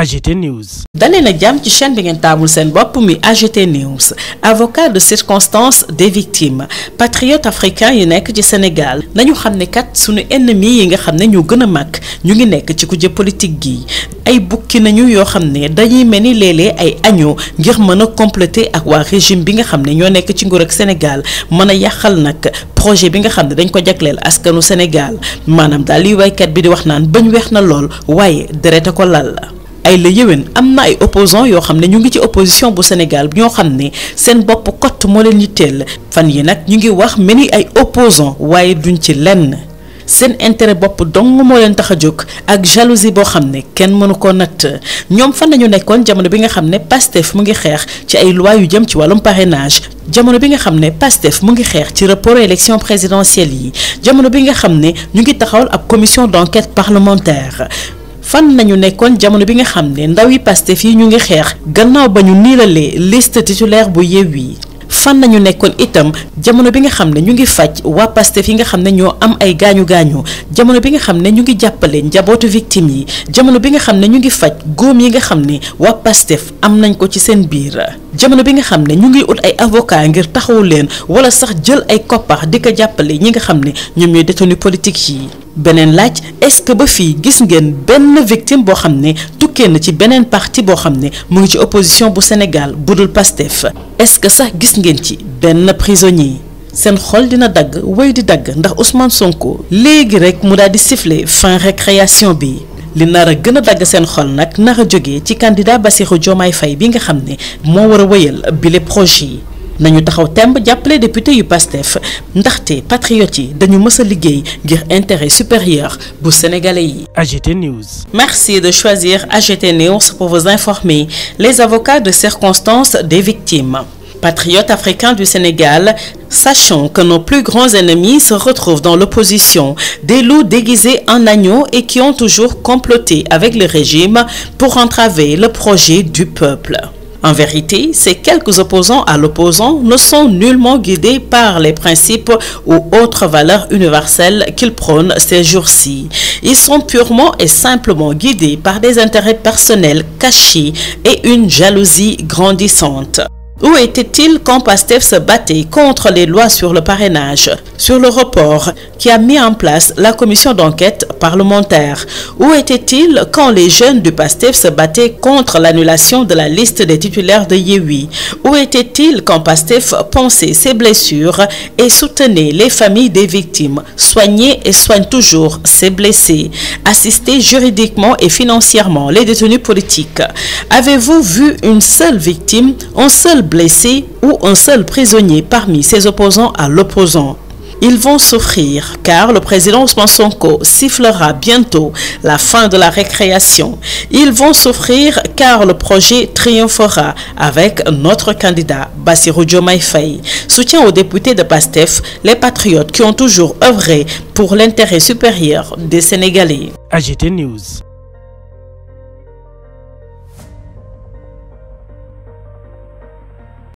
AGT News. dalee na jàmm ci chaîne bi ngeen taamul seen bopp mi AGT News avocat de circonstance des victimes patriotes africains yi nekk ci Sénégal nañu xam ne kat suñu ennemis yi nga xam ne ñoo gën a mag ñu ngi nekk ci kujje politique gi ay bukki nañu yoo xam ne dañuy mel ni léeg ay agneau ngir mën a compléter ak waa régime bi nga xam ne ñoo nekk ci nguur ak Sénégal mën a yàqal nag projet bi nga xam ne dañ ko jagleel askanu Sénégal maanaam daal li waykat bi di wax naan bañ weex na lool waaye ay la yéwén am na ay opposants yoo xam ne ñu ngi ci opposition bu Sénégal ñoo xam ne seen bopp kott moo leen yitteel fan yi nag ñu ngi wax mel ni ay opposants waaye duñ ci lenn seen intérêt bopp dong moo leen tax a jóg ak jalousie boo xam ne kenn mënu ko natt ñoom fan nañu nekkoon jamono bi nga xam ne Pastef mu ngi xeex ci ay loi yu jëm ci wàllum parrainage jamono bi nga xam ne Pastef mu ngi xeex ci report élection présidentielle yi jamono bi nga xam ne ñu ngi taxawal ab commission d'enquête parlementaire fan nañu nekkoon jamono bi nga xam ne ndaw yi Pastef yi ñu ngi xeex gannaaw ba ñu niilalee liste titulaire bu Yewwi fan nañu nekkoon itam jamono bi nga xam ne ñu ngi faj waa Pastef yi nga xam ne ñoo am ay gaañu gaañu jamono bi nga xam ne ñu ngi jàppale njabootu victime yi jamono bi nga xam ne ñu ngi faj góom yi nga xam ne waa Pastef am nañ ko ci seen biir jamono bi nga xam ne ñu ngi ut ay avocat ngir taxawu leen wala sax jël ay koppax di ko jàppale ñi nga xam ne ñoom ñooy détenu politique yi beneen laaj est-ce que ba fii gis ngeen benn victime boo xam ne tukkee na ci beneen parti boo xam ne mu ngi ci opposition bu Sénégal budul Pastef est-ce que sax gis ngeen ci benn prisonnier. seen xol dina dagg wéy di dagg ndax Ousmane Sonko léegi rek mu daal di siffler fin récréation bi li nar a gën a dagg seen xol nag nar a jógee ci candidat Bassirou Diomaye fay bi nga xam ne moo war a wéyal bile projet yi. nañu taxaw temb jàppale député yu Pastef ndaxte patriotes yi dañu mës a liggéey ngir intérêt supérieur bu sénégalais yi. AGT News. Merci de choisir AGT News pour vous informer les avocats de circonstance des victimes. Patriotes africains du Sénégal, sachons que nos plus grands ennemis se retrouvent dans l'opposition, des loups déguisés en agneaux et qui ont toujours comploté avec le régime pour entraver le projet du peuple. En vérité, ces quelques opposants à l'opposant ne sont nullement guidés par les principes ou autres valeurs universelles qu'ils prônent ces jours-ci. Ils sont purement et simplement guidés par des intérêts personnels cachés et une jalousie grandissante. Où était-il quand PASTEF se battait contre les lois sur le parrainage, sur le report qui a mis en place la commission d'enquête parlementaire? Où était-il quand les jeunes du PASTEF se battaient contre l'annulation de la liste des titulaires de Yewwi? Où était-il quand PASTEF pansait ses blessures et soutenait les familles des victimes, soignait et soigne toujours ses blessés, assistait juridiquement et financièrement les détenus politiques? avez blessés ou un seul prisonnier parmi ses opposants à l'opposant. Ils vont souffrir car le président Ousmane Sonko sifflera bientôt la fin de la récréation. Ils vont souffrir car le projet triomphera avec notre candidat Bassirou Diomaye Faye. Soutien aux de PASTEF, les patriotes qui ont toujours œuvré pour l'intérêt supérieur des Sénégalais.